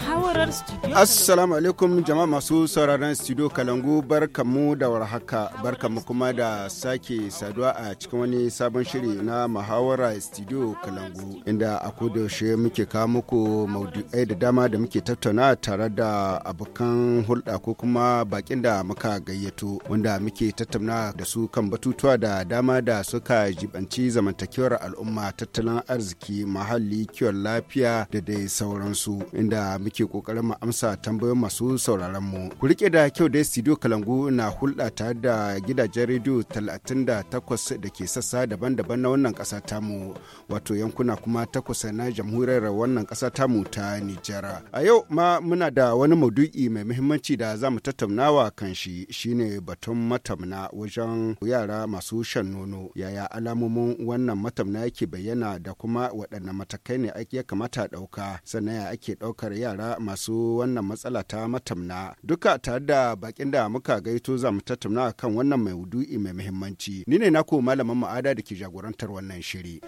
muhawarar studio assalamu alaikum jama'a masu sauraron studio kalangu barkamu da warhaka barkamu kuma da sake saduwa a cikin wani sabon shiri na muhawarar studio kalangu inda a yaushe muke kawo muku maudu'ai da dama da muke tattauna tare da abokan hulɗa ko kuma bakin da muka gayyato wanda muke tattauna da su kan batutuwa da dama da suka jibanci zamantakewar al'umma tattalin arziki muhalli kiwon lafiya da dai sauransu inda muke kokarin mu amsa tambayoyin masu sauraron mu. Ku rike da kyau da studio Kalangu na hulɗa ta da gidajen rediyo 38 da ke sassa daban-daban na wannan ƙasa mu wato yankuna kuma takwas na jamhuriyar wannan ƙasa mu ta Nijar. A yau ma muna da wani maudu'i mai muhimmanci da za mu tattaunawa kan shi shine batun matamna wajen yara masu shan nono yaya alamomin wannan matamna yake bayyana da kuma waɗanne matakai ne ya kamata ɗauka sannan ya ake ɗaukar yara yara masu wannan matsala ta matamna duka tare da bakin da muka gaito za mu tattauna kan wannan mai wudu'i mai muhimmanci ni ne na ko malamin ma'ada da ke jagorantar wannan shiri.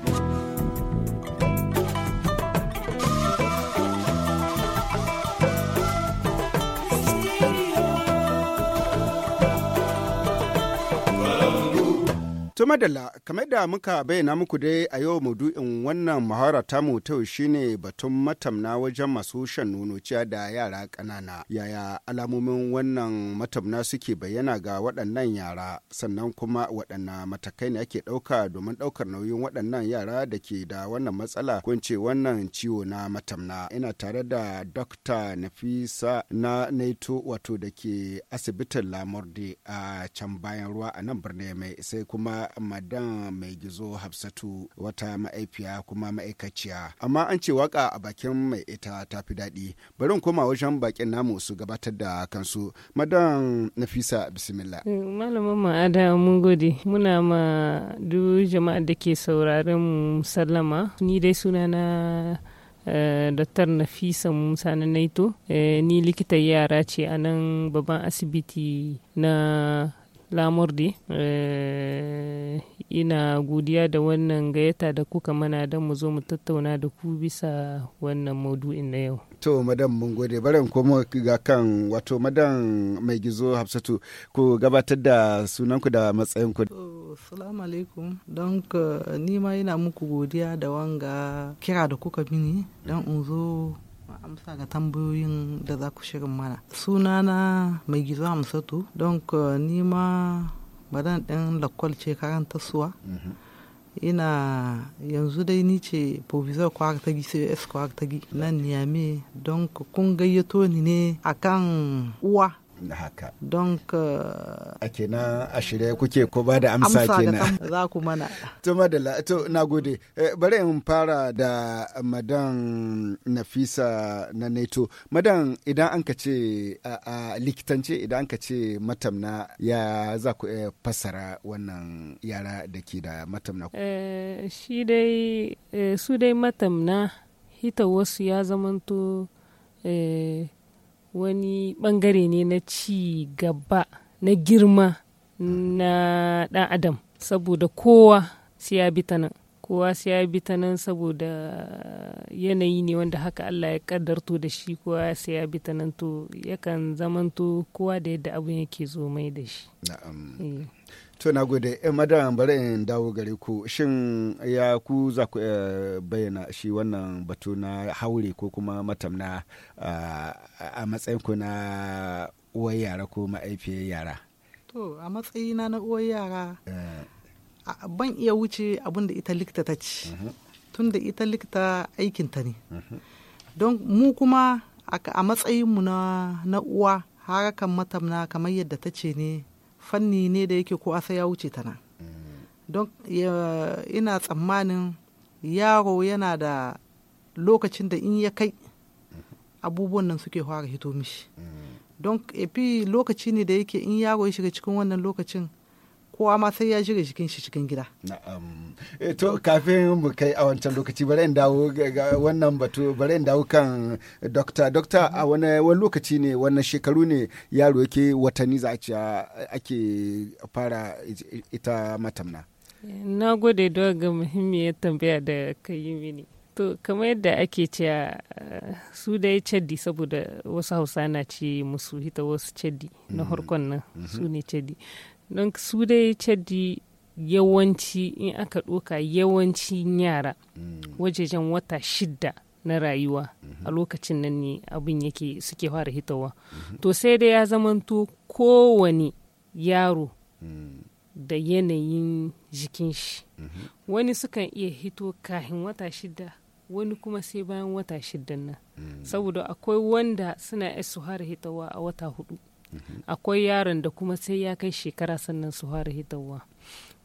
To madalla, kamar da muka bayyana muku dai a yau maudu'in wannan muhawara mu ta shine batun matamna wajen masu shan nono ciya da yara ƙanana. Yaya alamomin wannan matamna suke bayyana ga waɗannan yara sannan kuma waɗanna matakai ne ake ɗauka domin ɗaukar nauyin waɗannan yara da ke da wannan matsala ko ce wannan ciwo na matamna. Ina tare da Dr. Nafisa na Naito wato da ke asibitin Lamurde a can bayan ruwa a nan birnin mai sai kuma madan mai gizo hafsatu wata ma'aifiya kuma ma'aikaciya amma an ce waka a bakin mai ita ta fi daɗi bari in koma wajen bakin namu su gabatar da kansu madan nafisa bismillah eh, malamin ma'ada mun gode muna ma duk jama'a da ke sauraron sallama ni dai sunana eh, Dr. Nafisa Musa na Naito, eh, ni likita yara ce a nan babban asibiti na lamurdi eh, ina godiya da wannan gayyata da kuka mana don mu zo mu tattauna da ku bisa wannan maudu'in na yau to madam mun gode barin komo ga kan wato madam mai gizo hafsatu ku gabatar da sunanku da matsayinku salamu alaikum don ni ma ina muku godiya da wanga kira da kuka mini don in zo amsa ga tambayoyin da za ku shirin mana sunana mai gizo amsatu don ni ma badan ɗin lakwal ce karanta suwa mhm. ina yanzu dai ni ce provisor kwartagi cs kwartagi nan niyame don kun gayyato ni ne akan uwa haka don ka euh, a kenan a shirya kuke ko ba da amsa kenan za ku mana to madalla to na gode eh, bari in fara da madan nafisa na neto madan idan an ka ce a likitance idan an ka ce matamna ya za ku eh, fassara wannan yara da ke da matamna eh, shi dai su dai matamna hita wasu ya zamanto eh, wani bangare ne na ci gaba na girma na ɗan adam saboda kowa sai ya nan kowa sai ya nan saboda yanayi ne wanda haka Allah ya kaddarto da shi kowa sai ya nan to yakan zamanto kowa da yadda abin yake zo mai da shi eh. To na gode, ‘yan eh, madara bari in dawo gare ku, shin ya ku za ku eh, bayyana shi wannan batu na haure ko kuma matamna ah, a matsayin ku na uwar yara ko ma'aifiyar yara? To, a matsayina na uwar yara, eh. ban iya wuce abin da ita likta ta ci, mhm. tun da ita likta aikinta ne. Mhm. Don mu kuma a matsayinmu na uwa harakan matamna kamar yadda ta ce ne fanni ne da yake ko sai ya wuce ta nan don ina tsammanin yaro yana da lokacin da in ya kai abubuwan nan suke fara hito mishi don efi lokaci ne da yake in yaro ya shiga cikin wannan lokacin kowa ma sai ya shirya jikin shi cikin gida. Na'am. Eh, to kafin mu kai a wancan lokaci bari in dawo ga wannan batu bari in dawo kan dokta dokta a wani wani lokaci ne wannan shekaru ne yaro yake watanni za a ake fara ita matamna. Na gode don ga muhimmiyar tambaya da ka yi mini. to kamar yadda ake cewa su dai ceddi saboda wasu hausa na ce musu hita wasu ceddi na mm-hmm. harkon nan su mm-hmm. ne ceddi don su dai caddi yawanci in aka ɗoka yawancin yara mm. wajejen wata shidda na rayuwa a mm-hmm. lokacin nan ne abin yake suke fara hitawa mm-hmm. to sai dai ya zamanto kowane yaro mm. da yanayin jikin shi mm-hmm. wani sukan iya hito kahin wata shida wani kuma sai bayan wata shida nan mm. saboda akwai wanda suna su fara hitawa a wata hudu akwai yaron da kuma sai ya kai shekara sannan su fara hitawa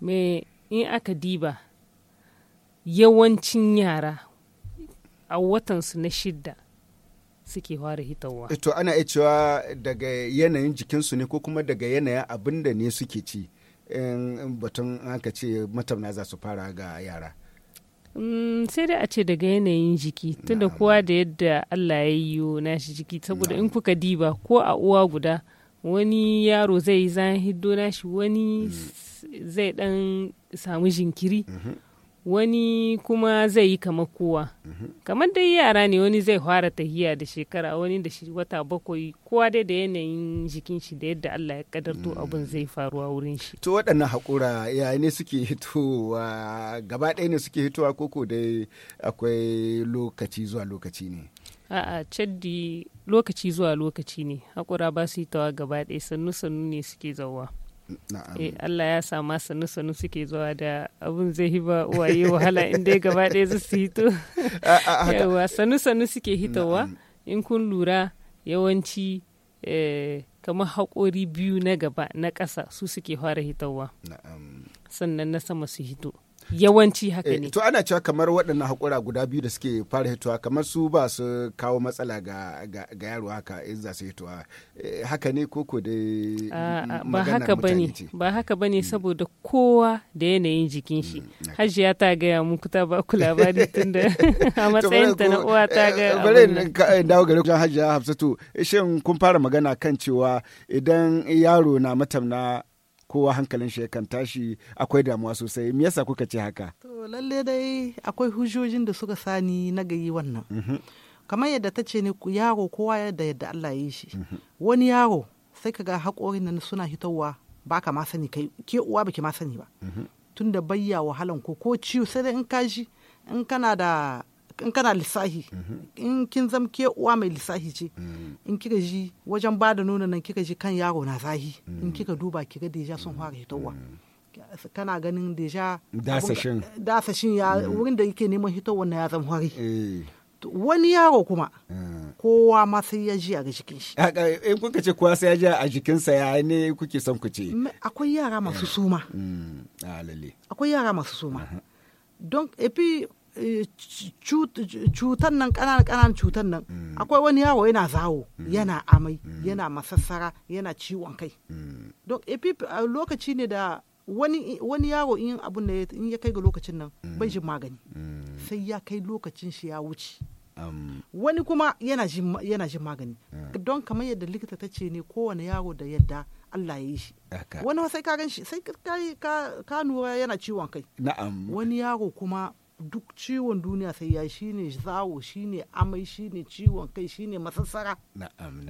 me in aka diba yawancin yara a watansu na shidda suke fara hitawa eh, to ana iya cewa daga yanayin jikinsu ne ko kuma daga yanayin abin da ne suke ci in batun aka ce matamna za su fara ga yara mm, sai dai a ce daga yanayin jiki tunda kowa da yadda Allah ya yi na shi jiki saboda in kuka diba ko a uwa guda wani yaro zai zan hiddo nashi wani mm. zai dan samu jinkiri mm-hmm. wani kuma zai yi kamar kowa mm-hmm. kamar dai yara ne wani zai fara tahiya da shekara wani da wata bakwai kowa dai da yanayin jikin shi da yadda Allah ya kadarto mm. abin zai faruwa wurin shi to waɗannan haƙura ya ne suke hitowa gaba ɗaya ne suke hitowa koko dai akwai lokaci zuwa lokaci ne A'a caddi lokaci zuwa lokaci ne haƙura ba su yi tawa gaba ɗaya sannu sannu ne suke zawa. Eh, Allah ya sama sannu sannu suke zawa da abun zai ba waye wahala in dai gaba ɗaya su hito. Yawa sannu sannu suke hitowa in kun lura yawanci eh, kamar haƙori biyu na gaba na ƙasa su suke fara hitowa. Sannan na sama su hito. yawanci haka eh, ne to ana cewa kamar waɗannan haƙura guda biyu da suke fara hitowa kamar su ba su kawo matsala ga ga yaro haka in za su hitowa eh, haka ne ko ko dai ah, ah, ba haka bane ba haka bane saboda kowa da yanayin jikin shi mm, hajiya ta gaya mu kuta ba ku labari tunda a matsayin ta na uwa ta eh, ga bare dawo gare ku hajiya hafsatu shin kun fara magana kan cewa idan yaro na matamna kowa hankalin shi yakan tashi akwai damuwa sosai me yasa kuka ce haka to lalle dai akwai hujojin da suka sani na gayi wannan mhm. kamar yadda ta ce ne yaro kowa yadda yadda Allah ya yi shi mhm. wani yaro sai kaga haƙorin nan suna hitowa ba ka ma sani kai ke uwa baki ma sani ba mhm. tunda bayya wahalan ko ko ciwo sai dai in ka ji in kana da in kana lissahi in kin zam ke uwa mai lissahi ce in kika ji wajen ba da nuna nan kika ji kan yaro na zahi in kika duba kika deja sun fara hitowa kana ganin deja dasashin dasashin ya mm. wurin da yake neman hitowa na ya zama hori eh. wani yaro kuma mm. kowa ma sai ya ji a jikin shi in kuka ce kowa sai ya ji a jikin sa ya ne kuke son ku ce eh. mm. ah, akwai yara masu suma akwai yara masu suma don epi cutan nan ƙananan kanan cutan nan mm. akwai wani yawo yana zawo mm. yana amai mm. yana masassara yana ciwon kai don eh, lokaci ne da wani yawo in abun da in ya kai ga lokacin nan bai jin magani sai ya kai lokacin shi ya wuce um. wani kuma yana jin magani don kamar yadda likita ta ce ne kowane yawo da yadda Allah ya yi shi. Wani sai ka gan shi sai ka nura yana ciwon kai. Na'am. Wani yaro kuma duk ciwon duniya sai ya shi ne zawo shi ne amai shi ne ciwon kai shi ne masassara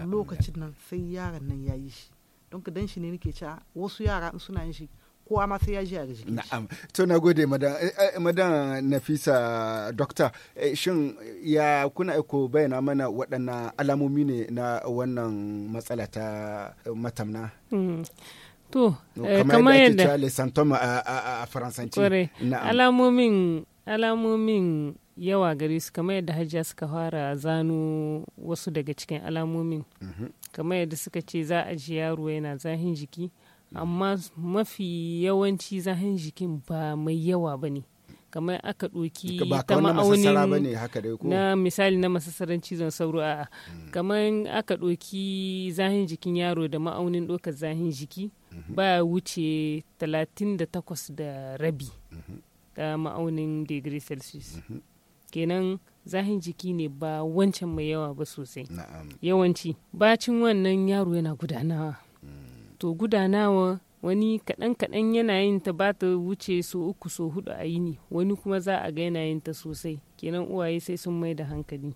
lokacin nan sai yaran nan ya yi shi don ka dan shi ne nake cewa wasu yara in suna yin shi kowa ma sai ya ji a jikin na'am to na gode madan eh, eh, nafisa dokta eh, shin ya kuna aiko bayyana mana waɗannan alamomi ne na wannan matsala ta matamna hmm. to kamar yadda a faransanci alamomin alamomin yawa gare su kamar yadda hajiya suka fara zano wasu daga cikin alamomin mhm. kamar yadda suka ce za a ji yaro yana zahin jiki mhm. amma mafi yawanci zahin jikin ba mai yawa ba ne kamar aka ɗoki ta ma'aunin na misali na masasaran cizon sauro a mm. kamar aka ɗoki zahin jikin yaro da ma'aunin ɗokar zahin jiki mhm. ba wuce 38 da rabi ga ma'aunin degree celsius mhm. kenan zahin jiki ne ba wancan mai yawa ba sosai yawanci bacin wannan yaro yana gudanawa mm. to gudanawa wani kaɗan-kaɗan yin ta ba ta wuce so uku so hudu a yini wani kuma za a ga yin ta sosai kenan uwaye sai sun mai da hankali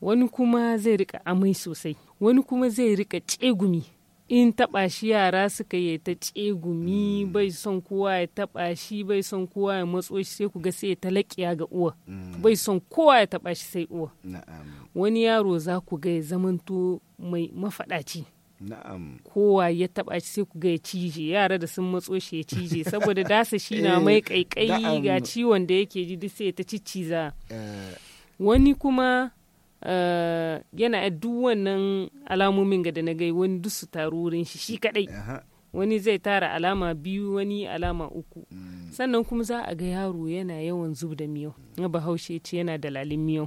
wani kuma zai rika amai sosai wani kuma zai rika tsegumi in taɓa shi yara suka yi ta gumi mm. bai son kowa ya taɓa shi bai son kowa ya matso shi sai ku ga sai ta laƙiya ga uwa mm. bai son kowa ya taɓa shi sai uwa wani yaro za ku ga ya zamanto mai mafaɗaci Kowa ya taba shi sai ku ga ya cije yara da sun matso shi ya cije saboda dasa shi na mai kaikai ga ciwon da yake ji duk sai ta cicciza. Eh. Wani kuma Eh, yana duk wannan alamomin ga da na gai wani duk su taru wurin shi shi kadai wani zai tara alama biyu wani alama uku mm. sannan kuma za a ga yaro yana yawan zub da miyau mm. na bahaushe ce yana dalalin miyau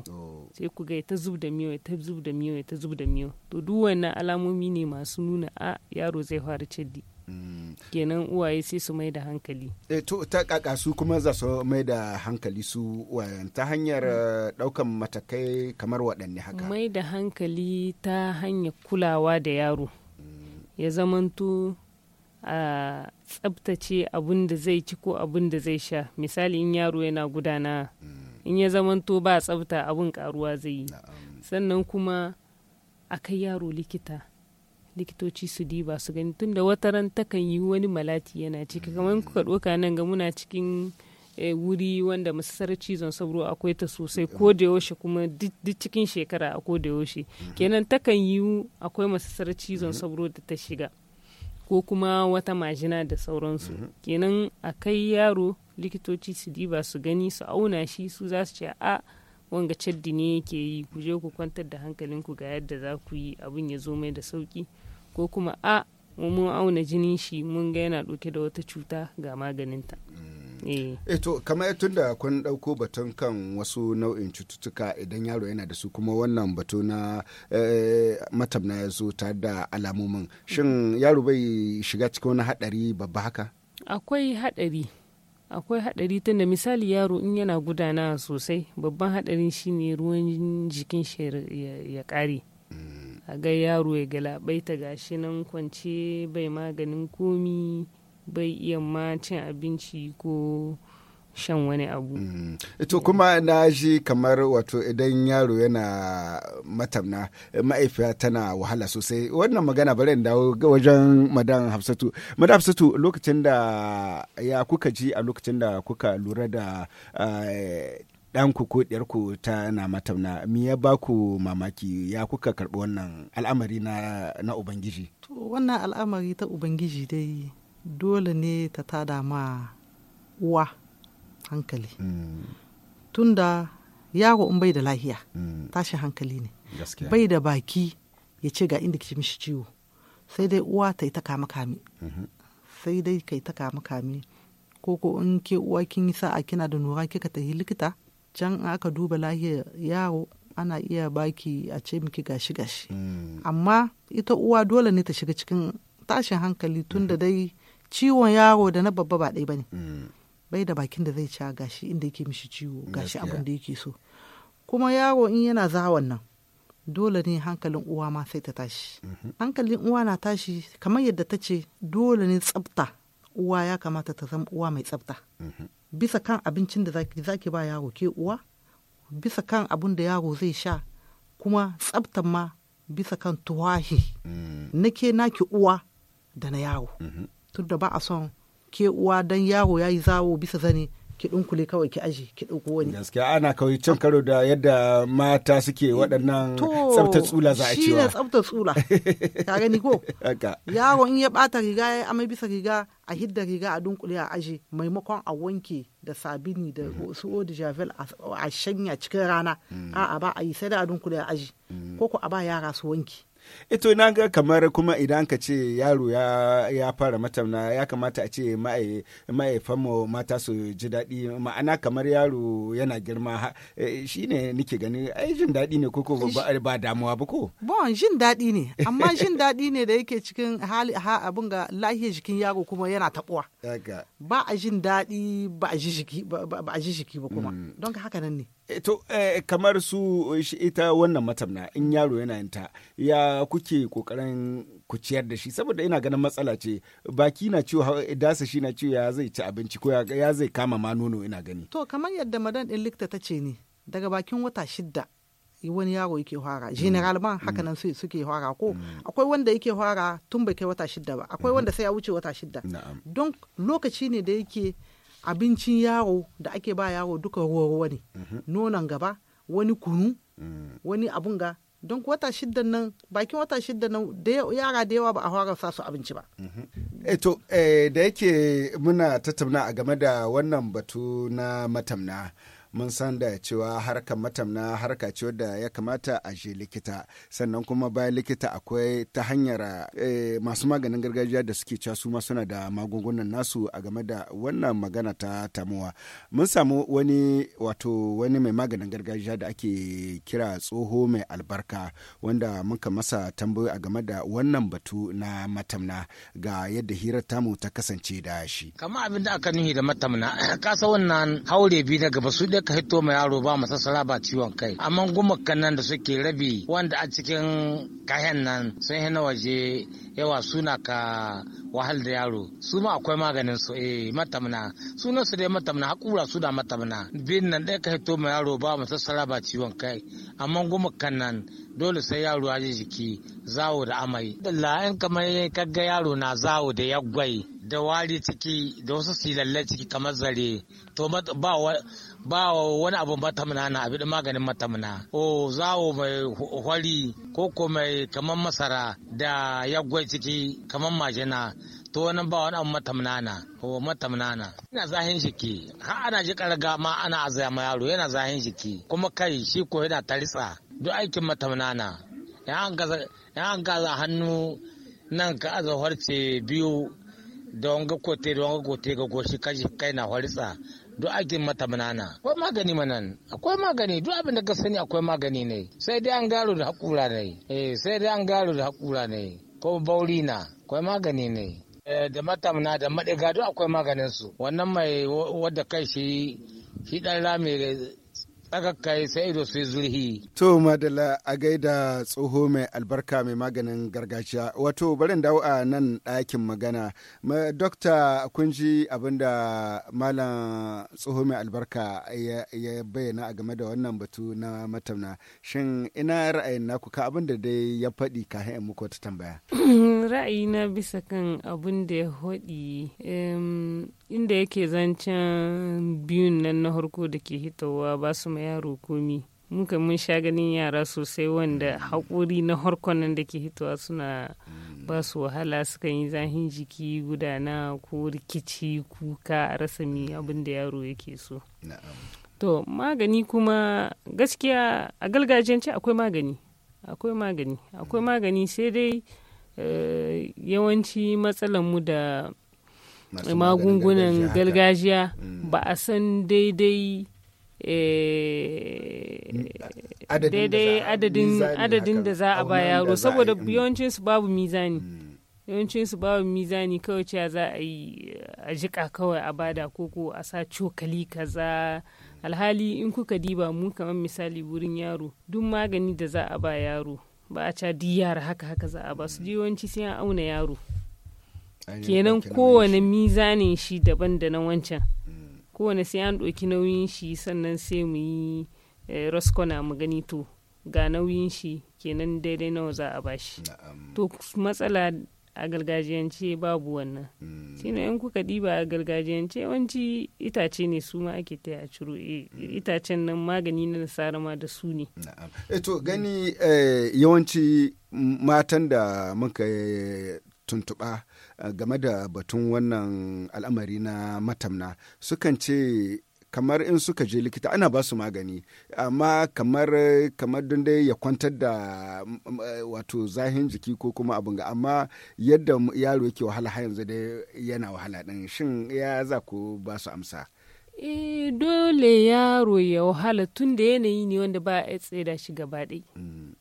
sai ku ga ta zub da miyau ta zub da miyau ta zub da miyau to duk wannan alamomi ne masu nuna a yaro zai fara ciddi mm. kenan uwaye sai su mai da hankali eh, ta kaka su kuma za su mai da hankali su uwayen ta hanyar daukan mm. eh, matakai kamar waɗanne haka mai da hankali ta hanyar kulawa da yaro mm. ya zamanto a tsabtace abin da zai ci ko abin da zai sha misali in yaro yana gudana mm. in ya zamanto ba tsabta abin karuwa zai yi sannan kuma a kai yaro likita likitoci su diba su gani tun da ran takan yi wani malati yana ciki kamar kuka ɗoka nan ga muna cikin eh, wuri wanda masasar cizon sauro akwai ta sosai ko da yaushe kuma duk cikin shekara a ko da yaushe kenan takan yi akwai masasar cizon sauro da ta shiga ko kuma wata majina da sauransu kenan a kai yaro likitoci su diba su gani su auna shi su za su ce a wanga caddi ne yake yi ku je ku kwantar da hankalinku ga yadda za ku yi abin ya zo mai da sauki ko kuma a mun auna jinin shi mun ga yana ɗauke da wata cuta ga maganinta. Mm. Eh. Eh to kamar tun da kun ɗauko batun kan wasu nau'in cututtuka idan yaro yana da su kuma wannan batu na eh, matamna ya zo tare da alamomin shin yaro bai shiga cikin wani haɗari babba haka akwai haɗari akwai haɗari tunda misali yaro in yana gudana sosai babban haɗarin shine ruwan jikin shi ya ƙare mm. a ga yaro ya galabaita gashi nan kwance bai maganin komi bai iya ma cin abinci ko shan wani abu. Mm. To kuma na shi kamar wato idan yaro yana matamna ma'aifiya tana wahala sosai wannan magana bari in dawo wajen madan hafsatu. Madan hafsatu lokacin da ya kuka ji a lokacin da kuka lura da eh, ɗanku ko ɗiyarku ta na matamna mi ya ba ku mamaki ya kuka karɓi wannan al'amari na, na ubangiji to wannan al'amari ta ubangiji dai dole ne ta tada ma uwa hankali hmm. tunda yaro in bai da lahiya hmm. tashi hankali ne bai da baki ya ce ga inda ke mishi ciwo sai dai uwa ta yi ta kama mhm. sai dai ka yi ta kama ko ko in ke uwa kin yi sa'a kina da nura kika ta yi likita can aka duba lahiyar yaro ana iya baki a ce miki gashi gashi hmm. amma ita uwa dole ne ta shiga cikin tashin hankali tun da mm-hmm. dai ciwon yaro da na babba ba ɗaya ne hmm. bai da bakin da zai ci gashi inda yake mishi ciwo gashi abin da yake so kuma yaro in yana zawon nan dole ne hankalin uwa ma sai ta tashi mm-hmm. hankalin uwa na tashi kamar yadda ta ce dole ne tsafta uwa ya kamata ta zama uwa mai tsabta. Mm-hmm. bisa kan abincin da zaki ba yaro ke uwa bisa kan abun da yaro zai sha kuma tsabtan ma bisa kan tuwahi mm. na ke naki uwa da na yaro mm-hmm. tunda ba a son ke uwa don yaro ya yi zawo bisa zane ki dunkule kawai ki aji ki dauko wani gaskiya ana kawai cin karo da yadda mata suke waɗannan tsafta tsula za a shi shine tsafta tsula ka gani ko yaro in ya bata riga ya amai bisa riga a hidda riga a dunkule a aji maimakon a wanke da sabini da mm. su da javel a shanya cikin rana mm. a'a ba a yi sai da a dunkule a aji mm. ko ko a ba yara su wanke Ito na ga kamar kuma idan ka ce yaro ya, ya fara matamna ya kamata a ce ma'aifanmu mata su ji daɗi ma'ana kamar yaro yana girma eh, shi ne nike gani ai jin daɗi ne koko ba damuwa ba ko. Bon jin daɗi ne amma jin daɗi ne da yake cikin hali ha abin ga lahiyar jikin yaro kuma yana taɓuwa. Ba a jin daɗi ba a ji jiki ba kuma mm. don haka nan ne. Eh, to eh, kamar su eh, ita wannan matamna in yaro yana yinta ya kuke kokarin ku ciyar da shi saboda ina ganin matsala ce baki na ciwo dasa shi na ciwo ya zai ci abinci ko ya zai kama ma nono ina gani to kamar yadda madan din likta ta ce ne daga bakin wata shidda wani yaro yake fara mm. general ma haka mm. nan suke fara ko mm. akwai wanda yake fara tun bai kai wata shidda ba akwai mm-hmm. wanda sai ya wuce wata shidda don lokaci ne da yake abincin yaro da ake ba yaro duka ruwa ruwa ne mhm. nonon gaba wani kunu mm. wani abun ga don wata shidda nan bakin wata shidda nan yara da yawa ba a fara sa su abinci ba. Mhm. Eto eh eh, da yake muna tattauna a game da wannan batu na matamna mun san da cewa harkar matamna harka ce da ya kamata a je likita sannan kuma bayan likita akwai ta hanyar eh, masu maganin gargajiya da suke casu su ma suna da magungunan nasu a game da wannan magana ta tamuwa mun samu wani wato wani mai maganin gargajiya da ake kira tsoho mai albarka wanda muka masa tambayoyi a game da wannan batu na matamna ga yadda hirar tamu ta kasance da shi. Kama abin da aka nuhi da matamna kasa wannan haure biyu na gaba su sai ka hito ma yaro ba masassara ba ciwon kai amma gumakan nan da suke rabi wanda a cikin kayan nan sun hina waje yawa suna ka wahal da yaro su ma akwai maganin su eh matamna sunan su dai matamna hakura su da matamna bin nan ɗaya ka hito ma yaro ba masassara ba ciwon kai amma gumakan nan dole sai yaro ya ji jiki zawo da amai. dalla in kamar ga yaro na zawo da yaggwai da wari ciki da wasu silalle ciki kamar zare to ba wa wani abu matamna na abin maganin matamna o zawo mai hwari ko ko mai kamar masara da yaggwai ciki kamar majina to wani ba wani abu mata na o matamina na ina zahin jiki har ana ji karga ma ana azaya ma yaro yana zahin jiki kuma kai shi ko yana taritsa duk aikin mata na ya an gaza hannu nan ka aza harce biyu da wanga kote da wanga kote ga goshi kashi kai na horitsa duk ake mata manana akwai magani manan akwai magani duk abin da ka sani akwai magani ne sai dai an garo da hakura ne eh sai dai an garo da hakura ne ko bauri na akwai magani ne eh, da matamna da madiga duk akwai maganin su wannan mai wadda kai shi shi dan rami tsakakai sai ido sai zurhi. To madala a gaida tsoho mai albarka mai maganin gargajiya wato barin dawo a nan ɗakin magana. ma Dokta kun ji abinda malam tsoho mai albarka ya bayyana a game da wannan batu na matamna shin ina ra'ayin naku ka abinda dai ya faɗi kafin muku wata tambaya. ra'ayina bisa kan abun da ya haɗi inda yake zancen biyun nan na harko da ke hitowa ba su ma yaro komi muka mun sha ganin yara sosai wanda mm. haƙuri na harkon nan da ke hitowa suna ba su wahala sukan yi zahin jiki gudana ko rikici kuka a rasa mi abin da yaro yake so to magani kuma gaskiya a galgajiyance akwai magani akwai magani akwai mm. magani sai dai Eh, yawanci matsalar mu da magungunan gargajiya mm. ba a san daidai daidai eh, adadin da za a ba yaro saboda mm. yawancinsu babu mizani mm. yawancinsu babu mizani kawai cewa za a yi a jika kawai a bada koko a sa cokali kaza alhali in kuka diba mu kamar misali wurin yaro duk magani da za a ba yaro ba a ca yara haka haka za a ba su mm. yawanci sai an auna yaro kenan kowane mizanin shi daban da na wancan mm. kowane sai an ɗauki nauyin shi sannan sai mu yi eh, raskona mu gani to ga nauyin shi kenan daidai nawa za a ba shi to matsala a gargajiyance babu wannan hmm. shine in kuka diba a gargajiyance yawanci itace ne su ma ake taya ciro e, hmm. itacen nan magani na nasara ma da su ne eto eh, gani eh, yawanci matan da muka eh, tuntuɓa game da batun wannan al'amari na matamna sukan ce kamar in suka je likita ana ba su magani amma kamar kamar don dai ya kwantar da mm, mm, eh, wato zahin jiki ko kuma abin ga amma yadda yaro yake wahala har yanzu dai yana wahala din shin ya za ku ba su amsa e dole yaro ya wahala tun da yanayi ne wanda ba a tsaida shi gaba dai mm.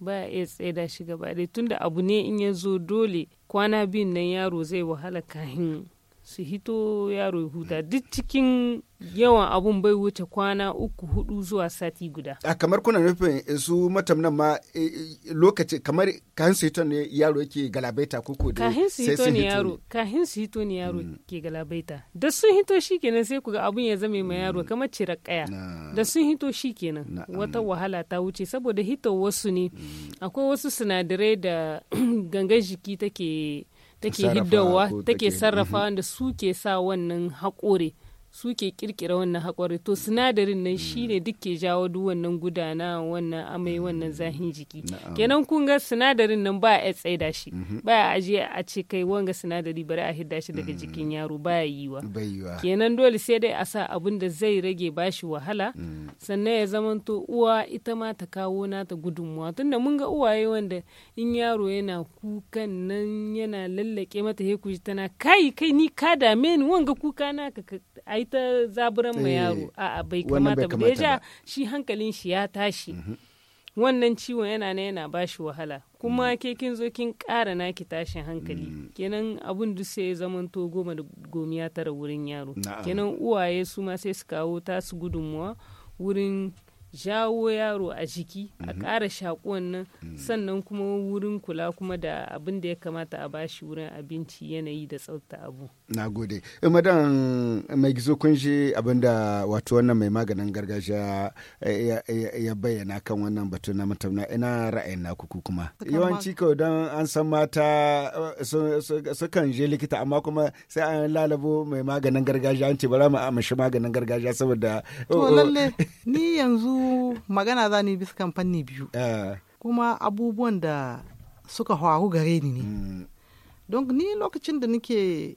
ba a iya tsaida shi gaba dai tun da abu ne in ya zo dole kwana biyun nan yaro zai wahala kahin su hito yaro ya huta duk cikin yawan abun bai wuce kwana uku hudu zuwa sati guda a kamar kuna nufin su matamnan ma eh, eh, lokaci kamar kahin su hito ne yaro yake galabaita ko ko kahin su hito ne yaro kahin su hito ne yaro mm. ke galabaita da sun hito shi kenan sai ku ga abun ya zame ma yaro mm. kamar cire kaya da sun hito shi kenan wata wahala ta wuce saboda hito wasu ne mm. akwai wasu sinadarai da gangan jiki take take hiddawa take sarrafa mhm. da suke sa wannan haƙore suke kirkira wannan haƙwari to sinadarin nan hmm. shine duk ke jawo duk wannan gudana wannan amai hmm. wannan zahin jiki kenan kun ga sinadarin nan ba a tsaida shi mhm. ba a aje a ce kai wanga sinadari bari a hidda shi daga hmm. jikin yaro ba ya yiwa kenan dole sai dai a sa abin da zai rage bashi wahala sannan ya zamanto uwa ita ma ta kawo na ta gudunmuwa tunda mun ga uwaye wanda in yaro yana kukan nan yana lallake mata he tana kai kai ni ka dame ni wanga kuka na ka yi ta zaburan ma yaro eh, a bai kamata ba deja shi hankalin shi ya tashi mhm. wannan ciwon yana na yana ba shi wahala kuma mm. ke kin zo kin ƙara naki tashin hankali mm. kenan abun duk sai ya zama to goma da gomi ya tara wurin yaro kenan uwaye su ma sai su kawo tasu gudunmuwa wurin jawo yaro a jiki a mhm. ƙara shaƙuwan nan mhm. sannan kuma wurin kula kuma da abin da ya kamata a bashi wurin abinci yanayi da tsafta abu. Na gode. Eh, Madan mai gizo kun ji abin da wato wannan mai maganin gargajiya eh, ya bayyana kan wannan batu na mutumna ina ra'ayin na kuku kuma. Yawanci kawai don an san mata eh, sukan je likita amma kuma sai an lalabo mai maganin gargajiya an ce bara mu amashi maganin gargajiya saboda. To oh, oh. lalle ni yanzu magana za ni bisa fanni biyu eh. kuma abubuwan da suka faru gare ni ne mm. don ni lokacin da nake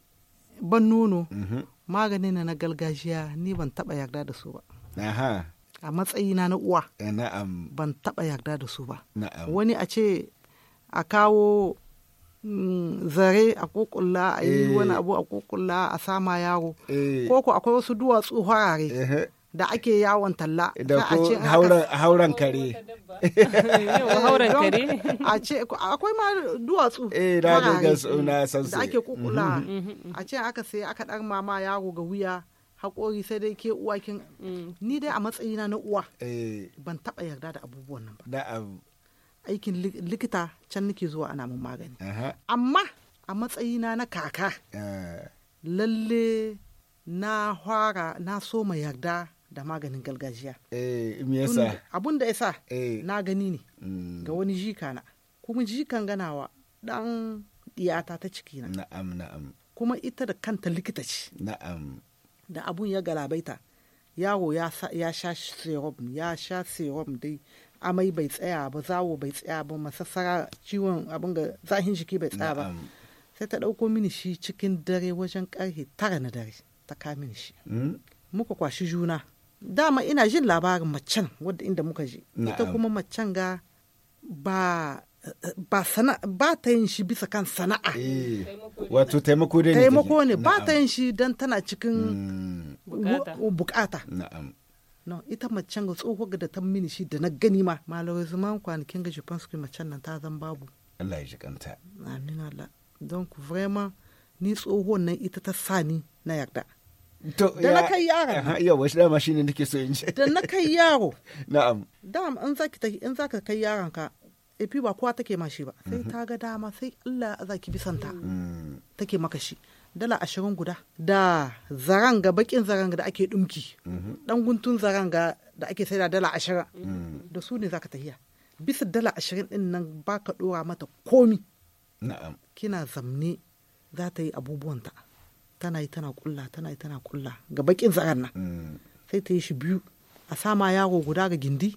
ban nono mhm. maganin na na gargajiya ni ban taba yarda da su ba a matsayina na uwa eh, ban taba yarda da su ba wani a ce a kawo mm, zare a kokulla a yi eh. wani abu a kokulla a sama yaro ko ko akwai wasu duwatsu harare da ake yawon talla da ko hauren kare kare a ce akwai ma duwatsu eh ga san da ake kukula mhm. a ce aka sai aka dan mama yago ga wuya haƙori sai dai ke uwa kin mm. ni dai a matsayina na uwa eh. ban taɓa yarda da abubuwan nan ba aikin likita can nake zuwa ana mun magani amma a matsayina na kaka ah. lalle na fara na soma yarda da maganin gargajiya eh me yasa abun eh. na gani ne mm. ga wani jika kuma jikan ganawa dan diyata ta ciki na na'am na'am kuma ita da kanta likita ce na'am da abun ya galabaita yawo ya sha serum ya sha serum dai amai bai tsaya ba zawo bai tsaya ba masassara ciwon abin ga zahin jiki bai tsaya ba sai ta ɗauko mini shi cikin dare wajen ƙarfe tara na dare ta ka mini shi hmm? muka kwashi juna dama ina jin labarin macen wadda inda muka je ita kuma macen ga ba ba sana ba ta yin shi bisa kan sana'a eh, wato taimako ne taimako ne ba ta yin shi don tana cikin hmm. bukata no ita macen ga tsoho da ta mini shi da na gani ma malawai zama kwanakin ga japan su macen nan ta zan babu Allah ya jikanta amin Allah don ku vraiment ni tsohon nan ita ta sani na yarda da na kai yaron yawa shi dama ne nake so in ce da na kai yaro na'am in zaki ka kai yaron ka efi eh, ba kowa take mashi ba sai mhm. ta ga dama sai Allah ya zaki bisanta mm. take maka shi dala ashirin guda da zaranga bakin zaranga da ake dumki dan mhm. guntun zaranga da ake saida dala ashirin mm. da su ne za ka tahiya bisa dala ashirin din nan baka ɗora mata komi kina zamne za ta yi abubuwanta tana yi tana kulla tana yi tana kulla ga bakin zarar nan mm. sai ta yi shi biyu a sama yaro guda ga gindi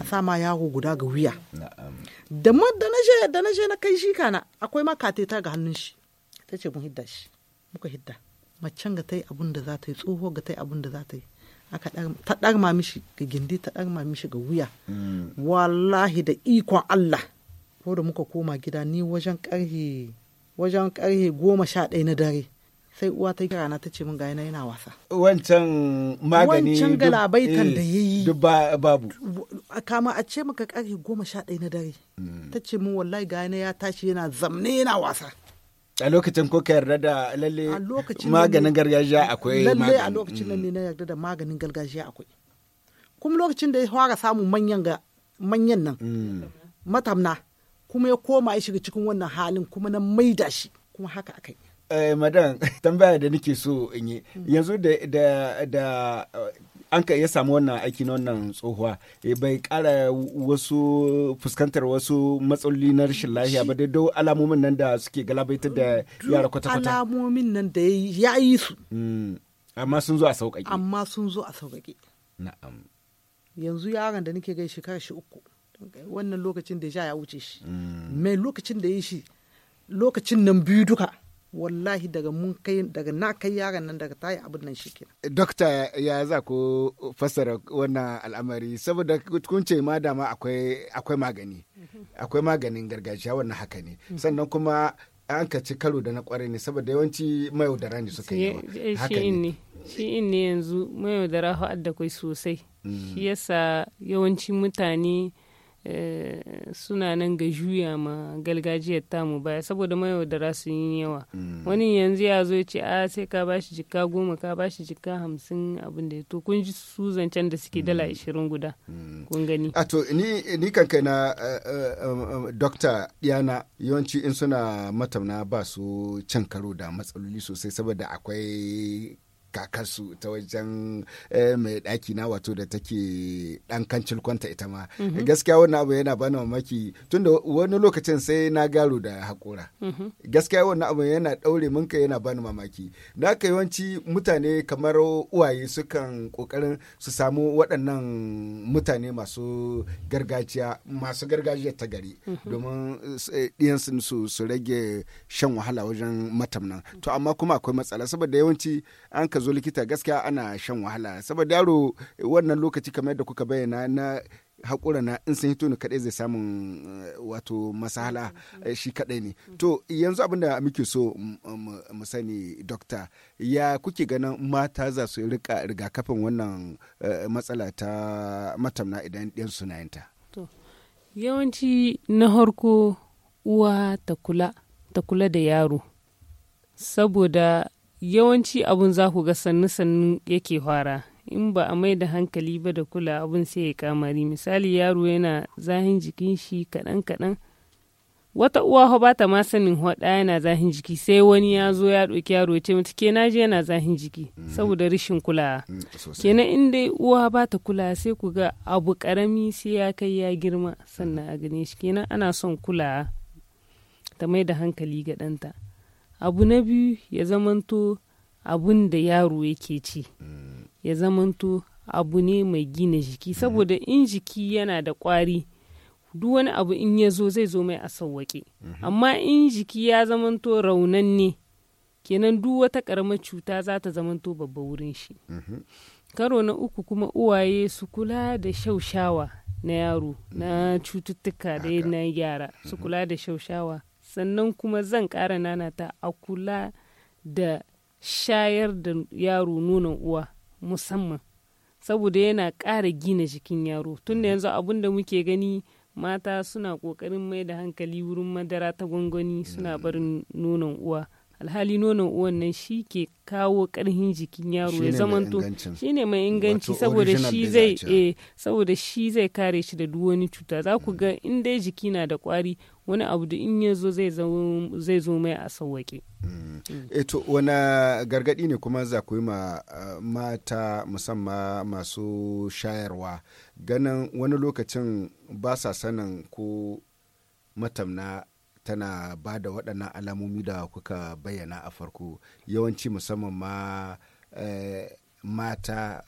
a sama yaro guda ga wuya da ma da naje da naje na kai shi kana akwai ma kateta ga hannun shi ta ce mun hidda shi muka hidda macen ga ta yi abun da za ta yi tsoho ga ta yi abun da za ta yi aka ta ɗarma mishi ga gindi ta ɗarma mishi ga wuya mm. wallahi da ikon Allah ko da muka koma gida ni wajen karhe wajen karhe goma sha ɗaya na dare sai uwa ta kira na ta ce min ga yana yana wasa wancan magani wancan galabaitan eh, da ya yi babu kama a ce maka kare goma sha ɗaya na dare ta ce min wallahi ga yana ya tashi yana zamne yana wasa a lokacin ko ka yarda da lalle maganin gargajiya akwai lalle a lokacin nan ne mm. na yarda da maganin gargajiya akwai kuma lokacin da ya fara samun manyan ga manyan nan mm. matamna kuma ya koma ya shiga cikin wannan halin kuma na maida shi kuma haka akai Eh, madan tambaya da nake so in yi hmm. yanzu da da, da eh, an ka iya samu wannan aiki na wannan tsohuwa eh, bai kara wasu fuskantar wasu matsaloli na rashin lafiya ba daidai alamomin nan da suke galabaitar da yara kwata-kwata alamomin nan da ya yi su hmm. amma sun zo a sauƙaƙe amma sun zo a sauƙaƙe na'am yanzu yaron da nake gai shekara shi uku wannan lokacin da ya wuce shi hmm. mai lokacin da ya shi lokacin nan biyu duka wallahi daga mun kai daga na kai yaran nan daga tayi abin nan shike eh, dokta ya za ku fassara wannan al'amari saboda kun ce ma dama akwai magani akwai maganin gargajiya wannan haka ne sannan kuma an ka ci karo da na kware ne saboda yawanci mayaudara ne suka yi eh, haka ne shi ne yanzu mayaudara haɗa da kai sosai mm. shi yasa yawanci mutane Eh, suna nan ga juya ma galgajiyar tamu baya saboda mayaudara sun yi yawa mm. wani yanzu ya zo ce a ah, sai ka bashi jika goma ka bashi jika hamsin abin da to kun ji su zancen da suke dala mm. ashirin guda mm. kun gani a to ni ni kan kai na eh, eh, um, um, dokta diana yawanci in suna matamna ba su cin karo da matsaloli sosai saboda akwai kakarsu ta wajen eh, mai ɗaki na wato da take ɗan kancil kwanta ita ma mhm. gaskiya wannan abu yana bani mamaki tunda wani lokacin sai na garo da haƙura mhm. gaskiya wannan abu yana ɗaure minka yana bani mamaki da ka yawanci mutane kamar uwaye sukan ƙoƙarin su samu waɗannan mutane masu gargajiya masu gargajiya ta gari mhm. domin eh, ɗiyansu su su rage shan wahala wajen matamnan to amma kuma akwai matsala saboda yawanci an ka zo likita gaskiya ana shan wahala saboda yaro wannan lokaci kamar yadda kuka bayyana na haƙura na in sun hito ni kaɗai zai samun eh, wato masala eh, shi kaɗai ne to yanzu abinda muke so mu sani dokta ya kuke ganin mata za su rika rigakafin wannan eh, matsala ta matamna idan ɗin suna to yawanci na harko uwa ta kula ta kula da yaro saboda yawanci abun za ku ga sannu-sannu yake fara in ba a mai da hankali ba da kula abun sai ya kamari misali yaro yana zahin jikin shi kaɗan-kaɗan wata uwa ba ta ma sanin hoɗa yana zahin jiki sai wani ya zo ya ɗauki yaro ya ce mata ke na je yana zahin jiki mm-hmm. saboda rashin kulawa mm, kenan in dai uwa ba ta kula sai ku ga abu karami sai ya kai ya girma sannan a gane shi kenan ana son kula ta mai da hankali ga ɗanta. abu na biyu ya zamanto abun da yaro yake ci ya zamanto abu ne mai gina jiki mm-hmm. saboda in jiki yana da kwari duk wani abu in ya zo zai zo mai a sauwaƙe mm-hmm. amma in jiki ya zamanto raunanne kenan duk wata ƙaramar cuta za ta zamanto babba wurin shi mm-hmm. karo na uku kuma uwaye su kula da shaushawa na yaro na cututtuka da na yara su kula da shaushawa sannan kuma zan ƙara nanata a kula da shayar da yaro nonon uwa musamman saboda yana ƙara gina jikin yaro tun da yanzu abin da muke gani mata suna ƙoƙarin mai da hankali wurin madara ta gwangwani suna mm. barin nonon uwa alhali nonon uwan nan shi ke kawo karhin jikin yaro ya zamanto shi ne mai inganci saboda shi zai eh, saboda shi zai kare shi da duk wani cuta za ku ga in dai jiki na da kwari wani abu da in yazo zai zai zo mai a sawake mm. eh to wani gargadi ne kuma za ku yi ma eh, mata musamman masu shayarwa ganin wani lokacin ba sa sanin ko matamna tana ba da waɗannan alamomi da kuka bayyana a farko yawanci musamman ma eh, mata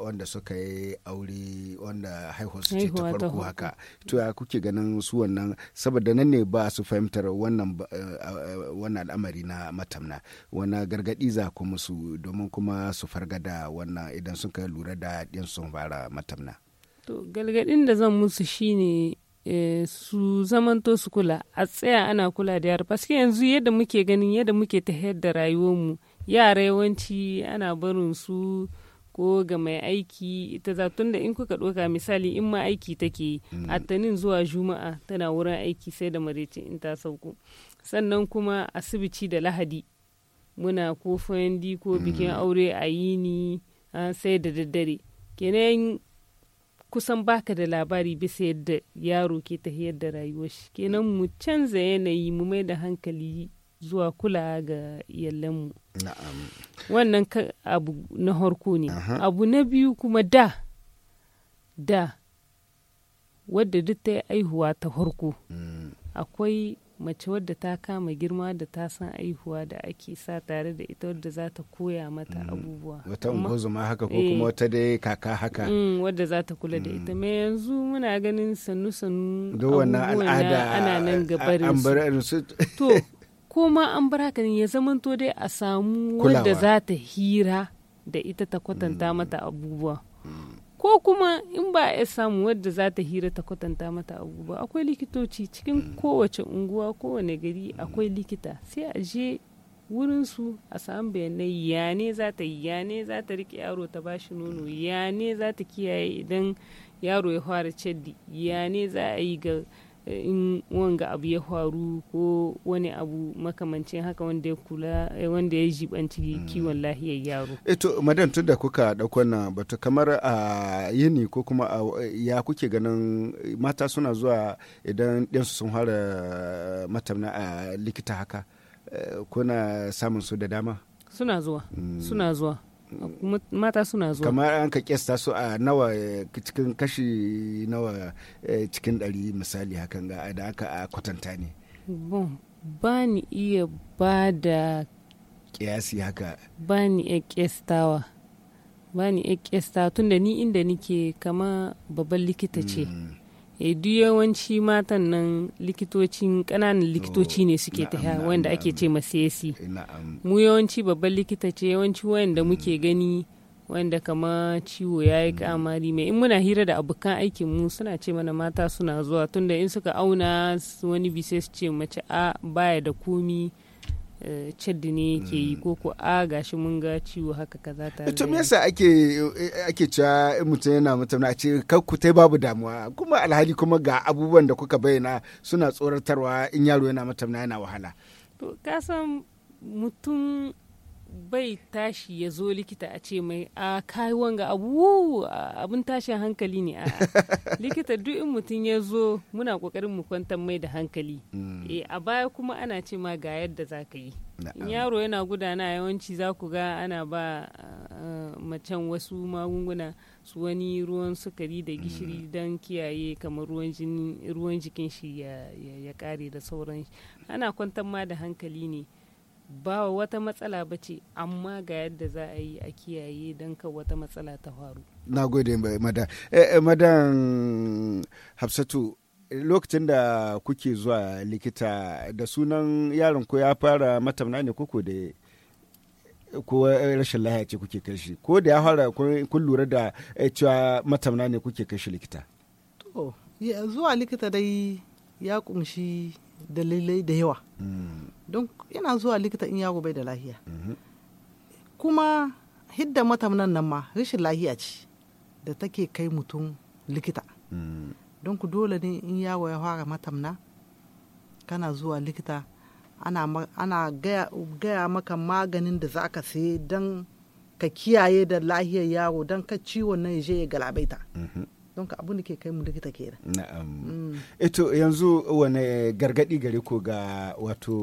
wanda suka yi aure wanda haihuwarsu ce ta farko haka to ya kuke ganin su wannan saboda nan ne ba su fahimtar wannan eh, eh, al'amari na matamna wani gargadi za ku musu domin kuma su fargada wannan idan suka lura da ɗin sun fara matamna to gargadin da zan musu shine Eh, su zamanto su kula a tsaya ana kula da yara paske yanzu yadda muke ganin yadda muke ta da mu yara yawanci ana barin su ko ga mai aiki ita za da in kuka ɗauka misali in ma aiki take yi mm. zuwa juma'a tana wurin aiki sai da marece in ta sauko sannan kuma asibiti da lahadi muna ko fandi ko bikin mm. aure a yini sai da daddare kenan kusan baka da labari bisa yadda yaro ke tahiyar da rayuwar shi kenan mu canza yanayi mu mai da hankali zuwa kula ga mu wannan abu na harko ne abu na biyu kuma da da wadda duk ta yi aihuwa ta harko mm. akwai mace wadda ta kama girma da ta san aihuwa da ake sa tare da ita wadda za ta koya mata mm. abubuwa wata ma haka ko kuma eh. wata dai kaka haka mm, wadda za ta kula da ita mai mm. yanzu muna ganin sannu sannu duk wannan al'ada ana nan gabarin su to ko ma an baraka haka ya to dai a samu wadda za ta hira da ita ta kwatanta mata abubuwa ko kuma in ba a samu wadda za ta hira ta kwatanta mata abu ba akwai likitoci cikin mm. kowace unguwa kowane gari akwai likita sai a je wurinsu a samu bayanai ya ne za ta yi ya ne za ta riƙe yaro ta ba shi nono ya ne za ta kiyaye idan yaro ya fara caddi ya ne za a yi ga in wanga abu ya faru ko wani abu makamancin haka wanda ya kula eh, wanda ya jibanci kiwon lahiyar yaro. Eto eh, madam tunda kuka dauko na batu kamar a yini ko kuma a ya kuke ganin mata suna zuwa idan ɗansu sun fara eh, matamna a likita haka kuna samun su da dama? Suna zuwa, hmm. suna zuwa. mata suna zuwa kamar an ka kyasta su a nawa eh, cikin kashi nawa eh, cikin ɗari misali hakan ga da aka a kwatanta ne bon ba ni iya ba da kiyasi haka ba ni iya kestawa ba ni iya tunda ni inda nike kama babban likita ce mm. e duk yawanci matan nan likitocin kananan likitoci ne suke oh, ta wanda ake ce masesi eh, mu yawanci babban likita ce yawanci wanda hmm. muke gani wanda kama ciwo ya yi hmm. kamari mai in muna hira da abokan aikin mu suna ce mana mata suna zuwa tunda in suka auna wani bisai su ce mace a baya da komi Eh, caddi ne ke yi mm. ko ko a gashi mun ga ciwo haka ka za ta eh, to me yasa ake ake cewa mutum yana mutum a ce kar ku tai babu damuwa kuma alhali kuma ga abubuwan da kuka bayyana suna tsoratarwa in yaro yana mutum yana wahala to ka san mutum bai tashi ya zo likita a ce mai a kaiwon wanga abu abun tashin hankali ne a likita duk in mutum ya zo muna kokarin mu kwantar mai da hankali mm. eh, a baya kuma ana ce ma ga yadda za ka yi yaro yana gudana yawanci za ku ga ana ba eh, macen wasu magunguna su wani ruwan sukari da gishiri mm. don kiyaye kamar ruwan jikin shi ya kare da sauran ana kwantar ma da hankali ne ba wata matsala ba ce amma ga yadda za a yi a kiyaye don ka wata matsala ta faru na gode madan eh, eh, madan hafsatu lokacin da kuke zuwa likita da sunan yaron ko ya fara matamna ne kuku da ko rashin lahiya ce kuke kai shi ko da ya fara kun lura da eh, cewa matamna ne kuke kai shi likita to zuwa likita dai ya kunshi dalilai da yawa hmm. don yana zuwa likita in yago bai da lahiya mhm. kuma hidda matamnan nan ma rashin lahiya ce da take kai mutum likita mhm. don ku dole ne in yaro ya fara matamna kana zuwa likita ana, gaya, maka maganin da za ka sai don ka kiyaye da lahiyar yaro don ka ciwon nan je ya galabaita mhm. don ka abin da ke kai mu likita kenan na'am ito mm. yanzu wane gargadi gare ko ga wato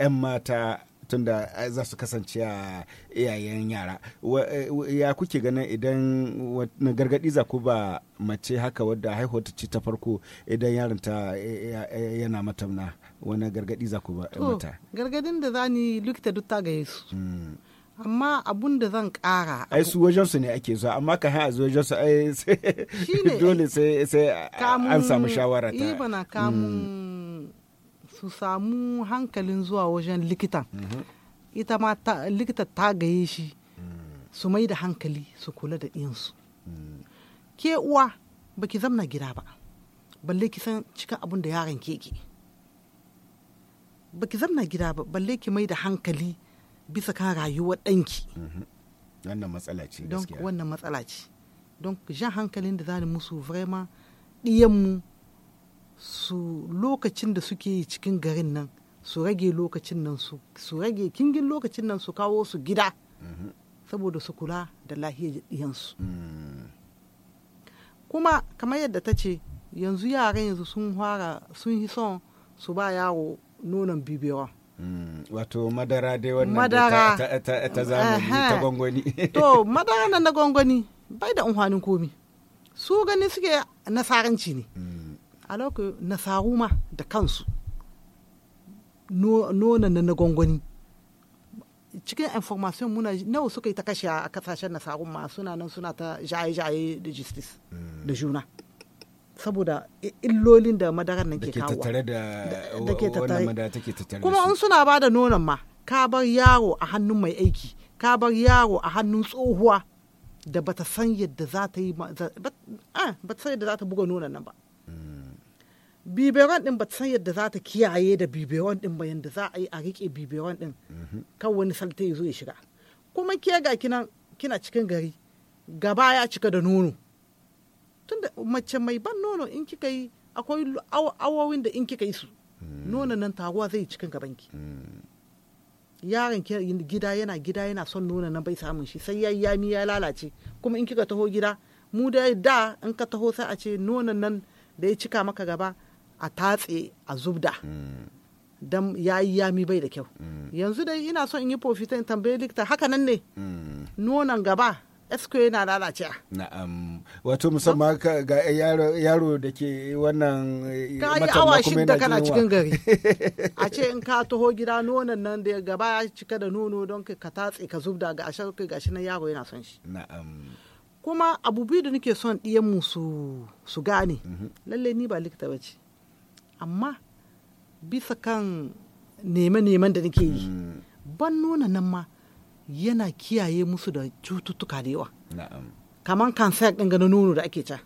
'yan mata tunda za su kasance a iyayen yara eh, ya kuke ganin idan na gargadi za ku ba mace haka wadda haihuwa ci ta farko idan yaron ta eh, eh, yana matamna wani gargadi za ku ba mata gargadin da za ni likita duk ta gaye su mm. amma abun da zan kara ai su wajen su ne ake zuwa amma ka a zuwa wajen su ai dole sai an samu shawara ta eh, bana kamun mm. su samu hankalin zuwa wajen likitan mhm. ita ma likita ta gaye shi mm. su mai da hankali su kula da iyansu mm. ke uwa baki zamna gida ba balle ki san cikin abun da yaron ke ki baki zamna gida ba balle ki mai da hankali bisa kan rayuwar ɗanki mhm. wannan matsala ce don wannan matsala ce don jan hankalin da zani musu vraiment ɗiyanmu su lokacin da suke yi cikin garin nan su rage lokacin nan su rage kingin lokacin nan su kawo su gida mhm. saboda su kula da lahiyar ɗiyansu mm. kuma kamar yadda ta ce yanzu yaran yanzu sun fara sun yi son su ba yaro nonon bibewa wato madara dai wannan madara ta zamani ta gwangwani to madara nan na gwangwani bai da unhwanin komi su gani suke nasaranci ne mm. a lokacin ma da kansu nonon nan na gwangwani cikin information muna nawa suka yi ta kashe a kasashen nasarun ma suna nan suna ta jaye-jaye da justice mm. da juna saboda illolin da madarar nan ke kawo da ke tattare kuma in suna ba da nonon ma ka bar yaro a hannun mai aiki ka bar yaro a hannun tsohuwa da bata san yadda za ta yi bata san yadda za ta buga nonon nan ba mm. biberon din bata san yadda za ta kiyaye da biberon din ba yadda za a yi a rike biberon din mm-hmm. kan wani salta ya zo ya shiga kuma ke ga kina cikin gari gaba ya cika da nono tunda mace mai ban nono in kika yi akwai awowin da in kika yi su hmm. nono nan taguwa zai cikin gabanki hmm. yaron gida yana gida yana son nono nan bai samun shi sai ya yami ya lalace kuma in kika taho gida mu da da in ka taho sai a ce nono nan da ya cika maka gaba a tatse a zubda hmm. dan ya yami bai da kyau yanzu dai ina son in yi profita in tambaye likta haka nan ne nonon gaba esco yana lalacewa na'am wato musamman ga yaro da ke wannan na eh, awa shida kana cikin gari a ce in ka taho gida nonon nan da gaba ya cika da nono don ka tatse ka zubda ga shi na yaro yana son shi na'am kuma abu biyu da nake son ɗiyan mu su gane mhm. lalle ni ba likita bace amma bisa kan neman neman da nake yi mm. ban nuna nan ma yana kiyaye musu da cututtuka da yawa kan kansa ɗin ganin nono da ake ca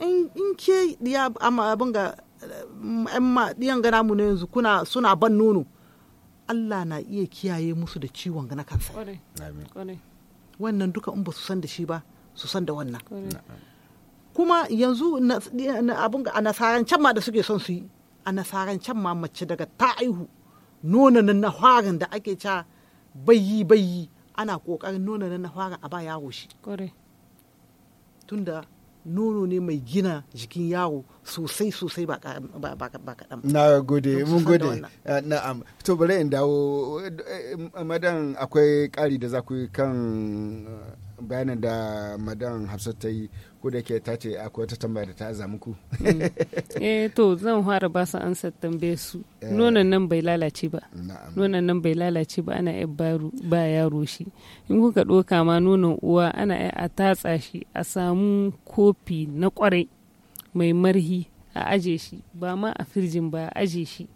in ke ya abin ga eh, yan gana mu ne yanzu kuna suna ban nono Allah na iya kiyaye musu da ciwon kan kansa wannan duka in ba su san da shi ba su san da wannan kuma yanzu abin a nasarancen ma da suke son su yi a nasarancen ma mace daga ta aihu nonon na harin da ake ca bayi bayi ana kokarin nuna na fara a ba yaro shi tunda nono ne mai gina jikin yaro sosai sosai ba kaɗan na gode mun gode eh, na'am to bari in dawo eh, eh, madan akwai ƙari da za ku kan bayanin da madan hafsat ta yi ko da ke ta ce akwai wata tambaya da ta muku mm. eh, to zan fara ba su ansa tambaye su eh. nonon nan bai lalace ba nonon nan bai lalace ba ana yi ba yaro shi in kuka ɗoka ma nonon uwa ana yi a tatsa shi a samu kofi na kwarai mai marhi a aje shi ba ma a firjin ba a aje shi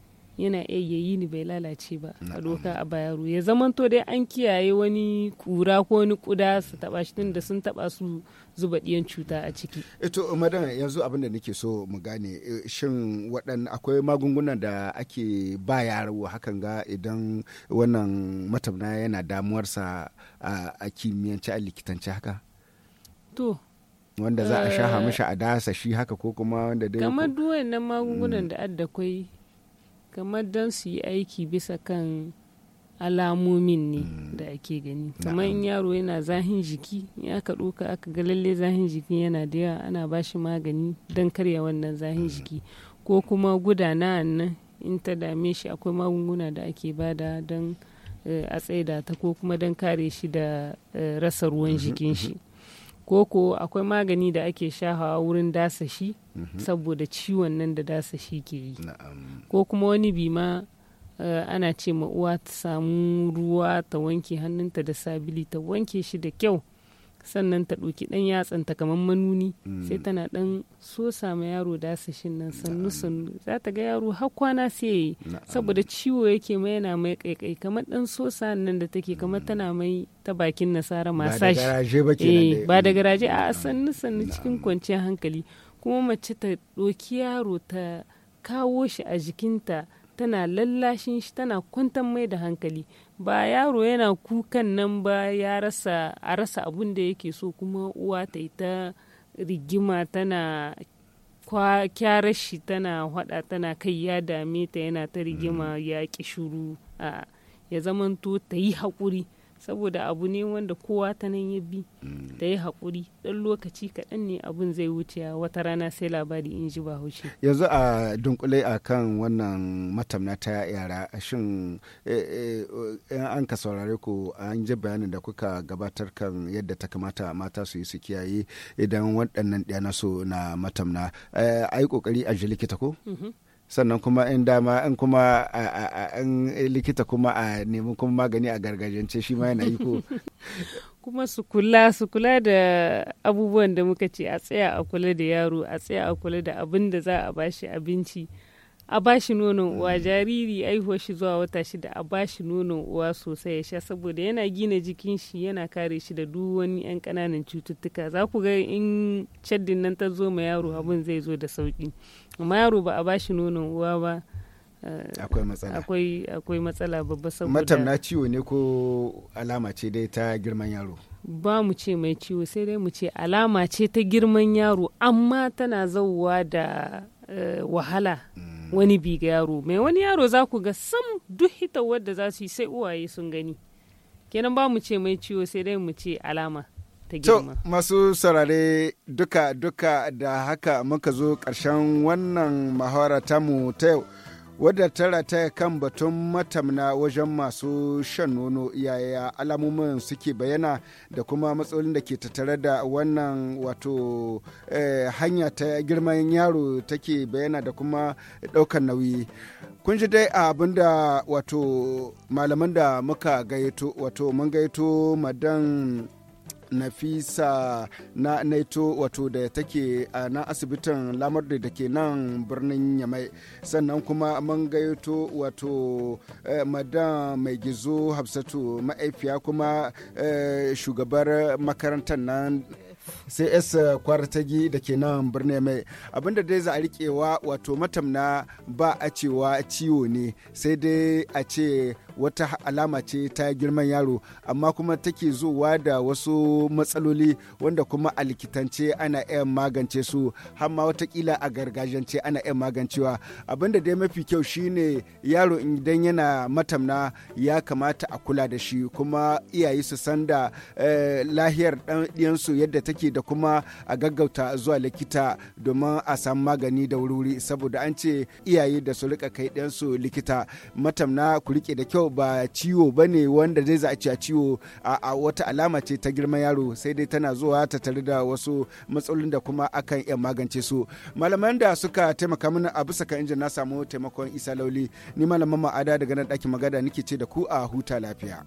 yana iya yi ni bai lalace ba a doka a bayaro ya zamanto dai an kiyaye wani kura ko wani kuda su taba shi tunda sun taba su zuba ɗiyan cuta a ciki. Ito eh madan yanzu abin da nake so mu gane eh, shin waɗan akwai magungunan da ake ba yaro hakan ga idan wannan matabna yana damuwarsa a kimiyyance a likitance haka? To, wanda za a sha hamisha eh, a dasa shi haka ko kuma wanda dai kamar duk wayannan magungunan mm. da adda kwai kamar don su yi aiki bisa kan alamomin ne mm. da ake gani kamar in yaro yana zahin jiki in aka ɗauka aka ga lalle zahin jiki yana da yawa ana ba shi magani don karya wannan zahin mm. jiki ko kuma gudana nan in ta dame shi akwai magunguna da ake bada don eh, a tsaida ta ko kuma don kare shi da eh, rasa ruwan mm-hmm, jikin shi mm-hmm. koko akwai magani da ake shahawa wurin dasa shi mhm. saboda ciwon nan da dasa shi ke yi ko kuma wani bima eh, ana ce ma uwa ta samu ruwa ta wanke hannunta da sabili ta wanke shi da kyau sannan ta ɗauki ɗan yatsan ta kamar manuni mm. sai tana ɗan so sama yaro dasashin nan sannu sannu za ta ga yaro har kwana sai yayi saboda ciwo yake mai yana mai kaikai kamar ɗan sosa nan da take kamar mm. tana mai ta bakin nasara masashi eh, ba da garaje a sannu sannu cikin kwanciyar hankali kuma mace ta ɗoki yaro ta kawo shi a jikinta tana lallashin shi tana kwantar mai da hankali ba yaro yana kukan nan ba ya rasa a rasa abun da yake so kuma uwa ta yi ta rigima tana kwa shi tana hada tana kai ya dame ta yana ta rigima ya ki shuru a ya zamanto ta yi haƙuri saboda abu ne wanda kowa ta nan ya bi da ya haƙuri ɗan lokaci kaɗan ne abun zai wuce wata rana sai labari in ji bahaushe yanzu a dunkule a kan wannan matamna ta yara shin eh, eh, an ka saurare ku an ji bayanin da kuka gabatar kan yadda ta kamata mata su yi su kiyaye idan waɗannan ɗaya na matamna eh, a yi ƙoƙari a ji likita ko mm-hmm. sannan kuma in dama in kuma in likita kuma a nemi kuma magani a gargajiyance shi ma yana yi ko kuma su kula su kula da abubuwan da muka ce a tsaya a kula da yaro a tsaya a kula da abin da za a bashi abinci a bashi nonon mm. uwa jariri aihuwar shi zuwa wata shida a bashi nonon uwa sosai ya sha saboda yana gina jikin shi yana kare shi da duk wani yan kananan cututtuka za ku ga in caddin nan ta zo ma yaro abin zai zo da sauki amma yaro ba a bashi nonon uwa ba eh, akwai matsala akwai matsala babba saboda matam ciwo ne ko alama ce dai ta girman yaro ba mu ce mai ciwo sai dai mu ce alama ce ta girman yaro amma tana zauwa da eh, wahala mm. wani bi ga yaro mai wani yaro za ku ga sam duk hita wadda za su yi sai uwaye sun gani kenan ba mu ce mai ciwo sai dai mu ce alama ta girma. To masu saurare duka duka da haka muka zo ƙarshen wannan ta mu ta yau. wadda ta rataya kan batun matamna wajen masu shan nono yaya alamomin suke bayana da kuma matsalolin da ke tattare da wannan wato eh, hanya ta girman yaro take bayana da kuma ɗaukar nauyi kun ji dai abin da wato malaman da muka gayyato wato mun gayyato madan nafisa na naito wato da take a na asibitin lamar da ke nan birnin yamai sannan kuma mun gayyato wato e, madan mai gizo hafsatu ma'aifiya kuma e, shugabar makarantar nan sai s kwartagi da ke nan birni mai abinda dai za a riƙewa wato matamna ba a cewa ciwo ne sai dai a ce wata alama ce ta girman yaro amma kuma take zuwa da wasu matsaloli wanda kuma a likitance ana iya magance su har watakila a gargajiyance ana iya magancewa abinda dai mafi kyau shine yaro idan yana matamna ya kamata a kula da shi kuma iyaye su san da eh, lahiyar ɗiyansu yadda take da kuma a gaggauta zuwa likita domin a samu magani da wuri saboda an ce iyaye da su rika kai ɗiyansu likita matamna ku rike da kyau ba ciwo ba ne wanda zai zaci a ciwo a wata alama ce ta girman yaro sai dai tana zuwa ta tare da wasu matsalolin da kuma akan iya magance su malaman da suka taimaka mana a bisa kan injin na samu taimakon isa lauli ni malaman ma'ada daga nan ɗakin magada nake ce da ku a huta lafiya.